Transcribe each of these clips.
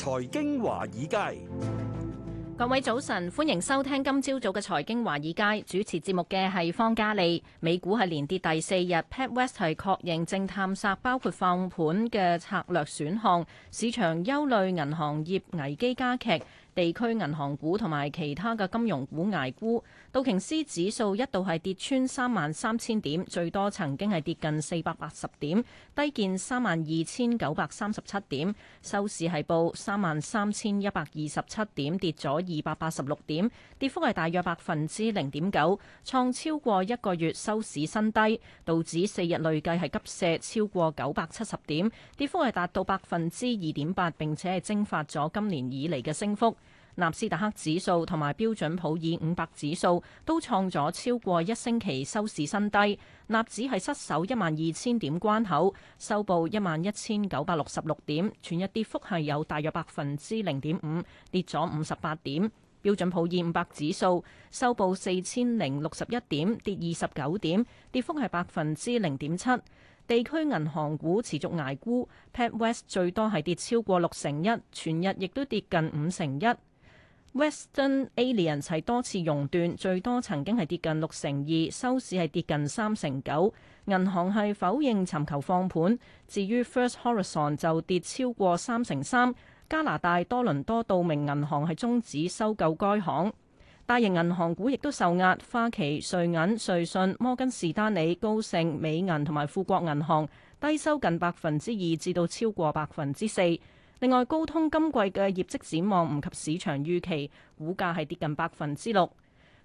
財經華爾街，各位早晨，歡迎收聽今朝早嘅財經華爾街。主持節目嘅係方嘉利，美股係連跌第四日，PacWest 係確認正探索包括放盤嘅策略選項。市場憂慮銀行業危機加劇。地區銀行股同埋其他嘅金融股捱沽，道瓊斯指數一度係跌穿三萬三千點，最多曾經係跌近四百八十點，低見三萬二千九百三十七點，收市係報三萬三千一百二十七點，跌咗二百八十六點，跌幅係大約百分之零點九，創超過一個月收市新低，道指四日累計係急瀉超過九百七十點，跌幅係達到百分之二點八，並且係蒸發咗今年以嚟嘅升幅。納斯達克指數同埋標準普爾五百指數都創咗超過一星期收市新低，納指係失守一萬二千點關口，收報一萬一千九百六十六點，全日跌幅係有大約百分之零點五，跌咗五十八點。標準普爾五百指數收報四千零六十一點，跌二十九點，跌幅係百分之零點七。地區銀行股持續捱沽，PacWest 最多係跌超過六成一，全日亦都跌近五成一。Western Alliance 係多次熔斷，最多曾經係跌近六成二，收市係跌近三成九。銀行係否認尋求放盤。至於 First Horizon 就跌超過三成三。加拿大多倫多道明銀行係終止收購該行。大型銀行股亦都受壓，花旗、瑞銀、瑞信、摩根士丹利、高盛、美銀同埋富國銀行低收近百分之二至到超過百分之四。另外，高通今季嘅業績展望唔及市場預期，股價係跌近百分之六。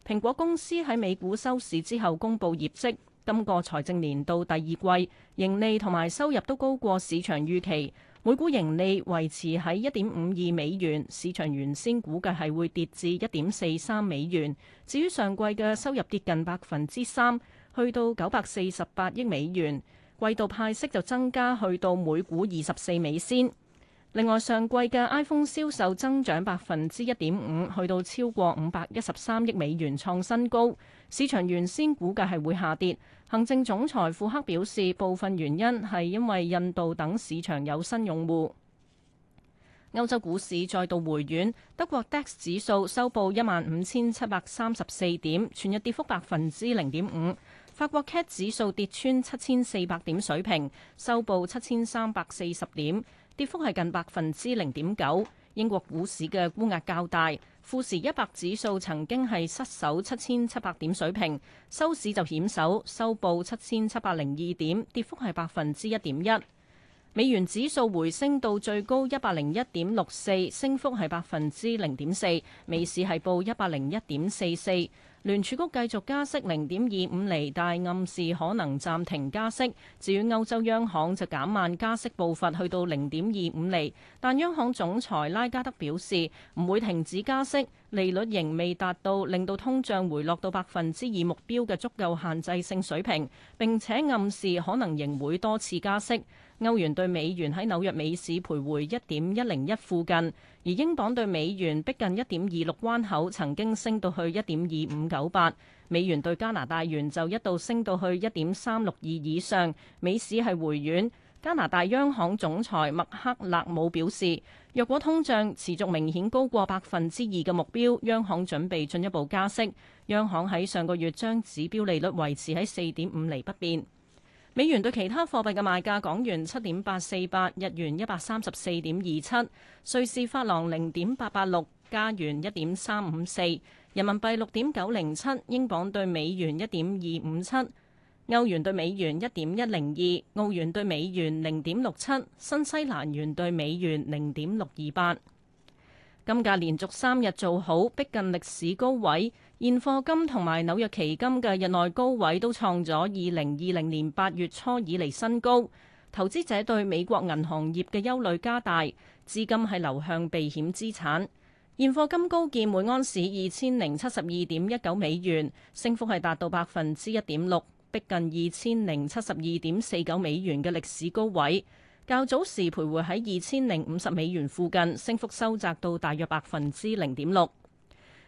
蘋果公司喺美股收市之後公布業績，今個財政年度第二季盈利同埋收入都高過市場預期，每股盈利維持喺一點五二美元，市場原先估計係會跌至一點四三美元。至於上季嘅收入跌近百分之三，去到九百四十八億美元，季度派息就增加去到每股二十四美仙。另外，上季嘅 iPhone 銷售增長百分之一點五，去到超過五百一十三億美元，創新高。市場原先估計係會下跌。行政總裁庫克表示，部分原因係因為印度等市場有新用戶。歐洲股市再度回軟，德國 DAX 指數收報一萬五千七百三十四點，全日跌幅百分之零點五。法國 CAC 指數跌穿七千四百點水平，收報七千三百四十點，跌幅係近百分之零點九。英國股市嘅沽壓較大，富時一百指數曾經係失守七千七百點水平，收市就險守，收報七千七百零二點，跌幅係百分之一點一。美元指數回升到最高一百零一點六四，升幅係百分之零點四，美市係報一百零一點四四。聯儲局繼續加息零點二五厘，但暗示可能暫停加息。至於歐洲央行就減慢加息步伐，去到零點二五厘。但央行總裁拉加德表示，唔會停止加息，利率仍未達到令到通脹回落到百分之二目標嘅足夠限制性水平。並且暗示可能仍會多次加息。歐元對美元喺紐約美市徘徊一點一零一附近，而英鎊對美元逼近一點二六關口，曾經升到去一點二五。九八美元兌加拿大元就一度升到去一點三六二以上，美市係回軟。加拿大央行總裁麥克勒姆表示，若果通脹持續明顯高過百分之二嘅目標，央行準備進一步加息。央行喺上個月將指標利率維持喺四點五厘不變。美元兌其他貨幣嘅賣價：港元七點八四八，日元一百三十四點二七，瑞士法郎零點八八六，加元一點三五四。人民幣六點九零七，英鎊對美元一點二五七，歐元對美元一點一零二，澳元對美元零點六七，新西蘭元對美元零點六二八。金價連續三日做好，逼近歷史高位，現貨金同埋紐約期金嘅日內高位都創咗二零二零年八月初以嚟新高。投資者對美國銀行業嘅憂慮加大，資金係流向避險資產。現貨金高見每安士二千零七十二點一九美元，升幅係達到百分之一點六，逼近二千零七十二點四九美元嘅歷史高位。較早時徘徊喺二千零五十美元附近，升幅收窄到大約百分之零點六。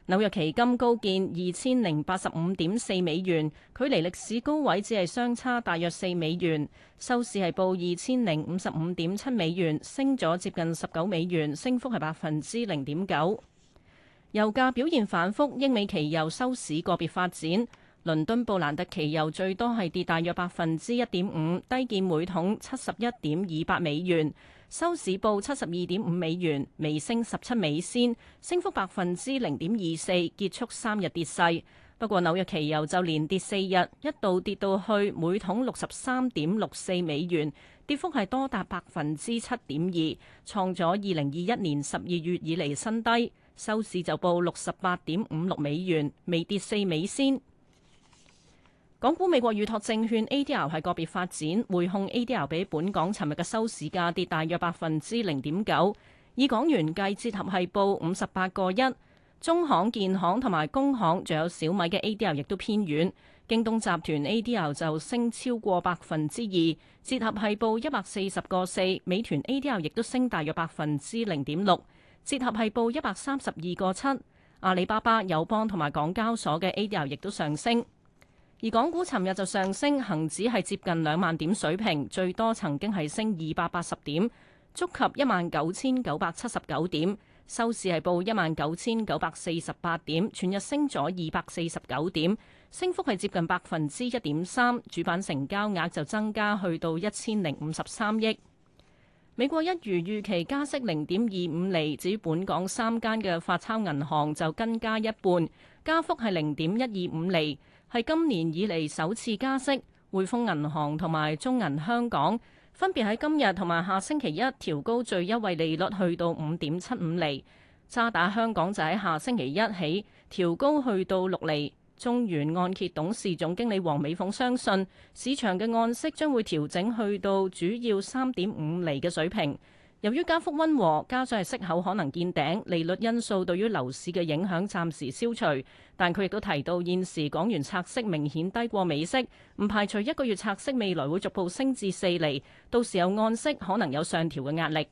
紐約期金高見二千零八十五點四美元，距離歷史高位只係相差大約四美元。收市係報二千零五十五點七美元，升咗接近十九美元，升幅係百分之零點九。油價表現反覆，英美期油收市個別發展。倫敦布蘭特期油最多係跌大約百分之一點五，低見每桶七十一點二百美元，收市報七十二點五美元，微升十七美仙，升幅百分之零點二四，結束三日跌勢。不過紐約期油就連跌四日，一度跌到去每桶六十三點六四美元，跌幅係多達百分之七點二，創咗二零二一年十二月以嚟新低，收市就報六十八點五六美元，未跌四美仙。港股美國預託證券 ADR 係個別發展，匯控 ADR 比本港尋日嘅收市價跌大約百分之零點九，以港元計，折合係報五十八個一。中行、建行同埋工行，仲有小米嘅 ADR 亦都偏遠。京東集團 ADR 就升超過百分之二，折合係報一百四十個四。美團 ADR 亦都升大約百分之零點六，折合係報一百三十二個七。阿里巴巴、友邦同埋港交所嘅 ADR 亦都上升。而港股尋日就上升，恒指係接近兩萬點水平，最多曾經係升二百八十點，觸及一萬九千九百七十九點，收市係報一萬九千九百四十八點，全日升咗二百四十九點，升幅係接近百分之一點三。主板成交額就增加去到一千零五十三億。美國一如預期加息零點二五厘，至於本港三間嘅發鈔銀行就增加一半，加幅係零點一二五厘。係今年以嚟首次加息，匯豐銀行同埋中銀香港分別喺今日同埋下星期一調高最優惠利率去到五點七五厘。渣打香港就喺下星期一起調高去到六厘。中原按揭董事總經理黃美鳳相信市場嘅按息將會調整去到主要三點五厘嘅水平。由於加幅溫和，加上係息口可能見頂，利率因素對於樓市嘅影響暫時消除。但佢亦都提到，現時港元拆息明顯低過美息，唔排除一個月拆息未來會逐步升至四厘，到時候按息可能有上調嘅壓力。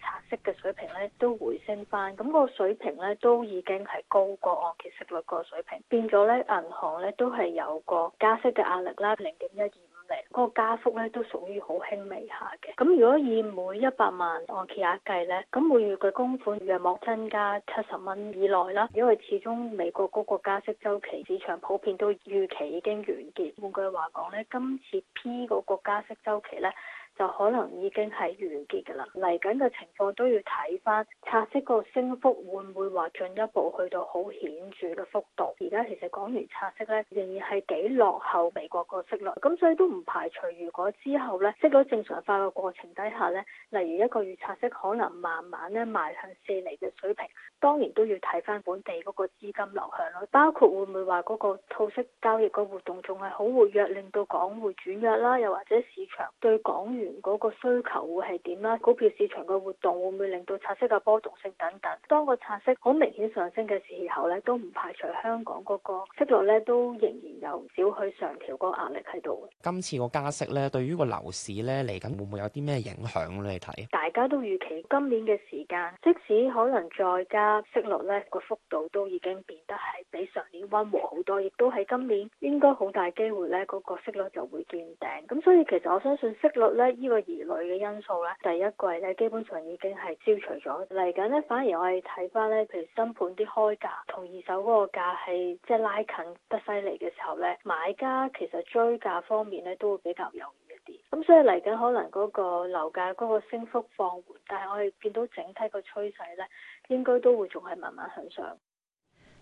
拆息嘅水平呢都回升返，咁個水平呢都已經係高過按揭息率個水平，變咗呢銀行呢都係有個加息嘅壓力啦。零點一二。嗰個加幅咧都屬於好輕微下嘅，咁如果以每一百萬按揭額計咧，咁每月嘅供款約莫增加七十蚊以內啦，因為始終美國嗰個加息週期，市場普遍都預期已經完結。換句話講咧，今次 P 嗰個加息週期咧，就可能已經係完結㗎啦。嚟緊嘅情況都要睇翻拆息個升幅會唔會話進一步去到好顯著嘅幅度。而家其實港元拆息咧仍然係幾落後美國個息率，咁所以都唔排除如果之後咧息率正常化嘅過程底下咧，例如一個月拆息可能慢慢咧邁向四厘嘅水平，當然都要睇翻本地嗰個資金流向咯。包括會唔會話嗰個套息交易個活動仲係好活躍，令到港匯轉弱啦，又或者市場對港元。嗰個需求會係點啦？股票市場嘅活動會唔會令到拆息嘅波動性等等？當個拆息好明顯上升嘅時候咧，都唔排除香港嗰個息率咧都仍然有少去上調個壓力喺度。今次個加息咧，對於個樓市咧嚟緊會唔會有啲咩影響咧？睇大家都預期今年嘅時間，即使可能再加息率咧個幅度都已經變得係比上年溫和好多，亦都喺今年應該好大機會咧個息率就會見頂。咁所以其實我相信息率咧。呢個疑慮嘅因素咧，第一季咧基本上已經係消除咗嚟緊咧，反而我哋睇翻咧，譬如新盤啲開價同二手嗰個價係即係拉近得犀利嘅時候咧，買家其實追價方面咧都會比較容易一啲。咁所以嚟緊可能嗰個樓價嗰個升幅放緩，但係我哋見到整體個趨勢咧，應該都會仲係慢慢向上。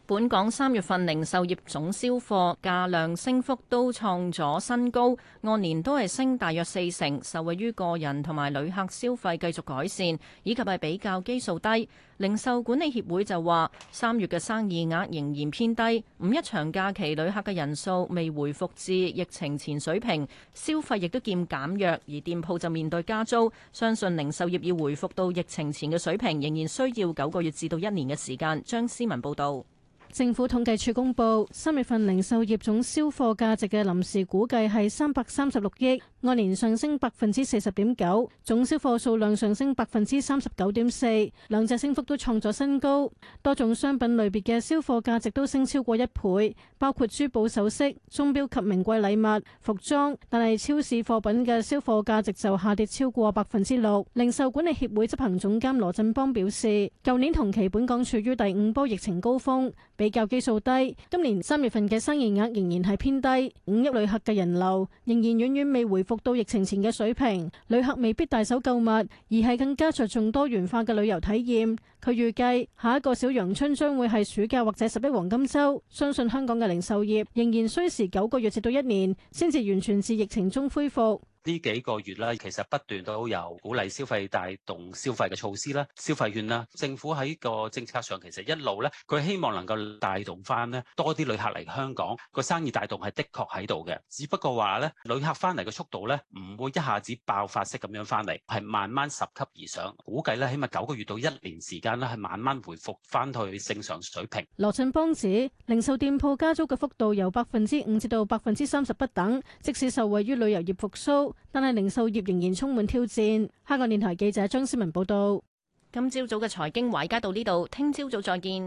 本港三月份零售業總銷貨價量升幅都創咗新高，按年都係升大約四成，受惠於個人同埋旅客消費繼續改善，以及係比較基數低。零售管理協會就話，三月嘅生意額仍然偏低，五一長假期旅客嘅人數未回復至疫情前水平，消費亦都見減弱，而店鋪就面對加租。相信零售業要回復到疫情前嘅水平，仍然需要九個月至到一年嘅時間，張思文報道。政府統計處公布三月份零售業總銷貨價值嘅臨時估計係三百三十六億，按年上升百分之四十點九，總銷貨數量上升百分之三十九點四，兩隻升幅都創咗新高。多種商品類別嘅銷貨價值都升超過一倍，包括珠寶首飾、鐘錶及名貴禮物、服裝，但係超市貨品嘅銷貨價值就下跌超過百分之六。零售管理協會執行總監羅振邦表示，舊年同期本港處於第五波疫情高峰。比較基數低，今年三月份嘅生意額仍然係偏低，五億旅客嘅人流仍然遠遠未回復到疫情前嘅水平。旅客未必大手購物，而係更加着重多元化嘅旅遊體驗。佢預計下一個小陽春將會係暑假或者十一黃金周。相信香港嘅零售業仍然需時九個月至到一年，先至完全自疫情中恢復。呢幾個月啦，其實不斷都有鼓勵消費、帶動消費嘅措施啦、消費券啦。政府喺個政策上其實一路咧，佢希望能夠帶動翻咧多啲旅客嚟香港，個生意帶動係的確喺度嘅。只不過話咧，旅客翻嚟嘅速度咧，唔會一下子爆發式咁樣翻嚟，係慢慢拾級而上。估計咧，起碼九個月到一年時間咧，係慢慢回復翻去正常水平。羅進邦指零售店鋪加租嘅幅度由百分之五至到百分之三十不等，即使受惠於旅遊業復甦。但係零售業仍然充滿挑戰。香港電台記者張思文報道。今朝早嘅財經華爾街到呢度，聽朝早再見。